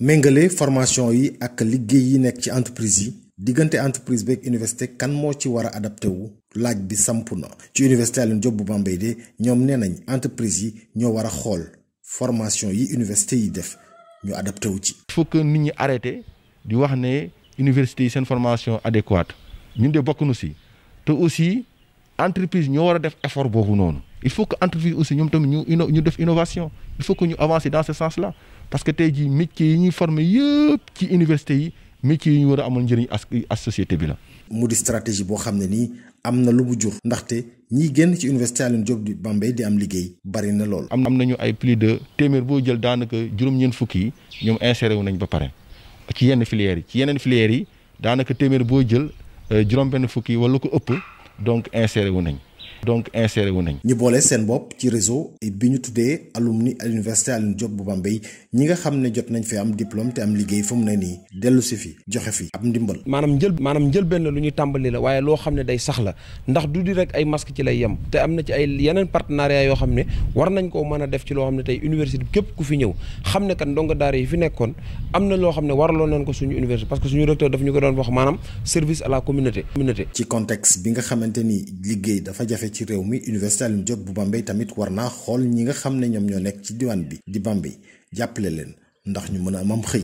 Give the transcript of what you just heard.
méngale formation yi ak liggéey yi nekk ci entreprise yi diggante entreprise beeg université kan moo ci war a adapté wu laaj bi samp na ci université Alioune Diop bu Bambey de ñoom nee nañ entreprise yi ñoo war a xool formation yi université yi def ñu adapté wu ci. il faut que nit ñi arrêté di wax ne université yi seen formation adéquate ñun de bokk nu si te aussi entreprise ñoo war a def effort boobu noonu il faut que entreprise aussi ñoom tamit ñu ñu def innovation il ñu avancer dans ce sens parce que tey jii métier yi ñuy former yëpp ci université yi métier yi ñu war a amal njëriñ as as bi la. mu di stratégie boo xam ne nii am na lu bu jur. ndaxte ñi génn ci université Alioune Diop di Bambey di am liggéey bari na lool. am nañu ay plus de téeméer boo jël daanaka juróom-ñeent fukki yi ñoom inséré wu nañ ba pare ci yenn filières yi ci yeneen filières yi daanaka téeméer boo jël euh, juróom-benn fukki yi wala ko ëpp donc inséré wu nañ. donc inséré wu nañ. ñu boole seen bopp ci réseau bi ñu tuddee alumni à l'université Alioune Diop bu Bambey ñi nga xam ne jot nañ fi am diplôme te am liggéey fu mu ne nii dellu si fi joxe fi ab ndimbal. maanaam njël maanaam njël benn lu ñuy tàmbali la waaye loo xam ne day sax la ndax du di rek ay masque ci lay yem te am na ci ay yeneen partenariat yoo xam ne war nañ koo mën a def ci loo xam ne tey université képp ku fi ñëw xam ne kan ndongo daar yi fi nekkoon am na loo xam ne waraloon nañ ko suñu université parce que suñu recteur daf ñu ko doon wax maanaam service à la communauté. ci contexte bi nga xamante ni liggéey dafa jafe ci réew mi université Alioune Diop bu Bambey tamit war naa xool ñi nga xam ne ñoom ñoo nekk ci diwaan bi di Bambey jàppale leen ndax ñu mën a am am xëy.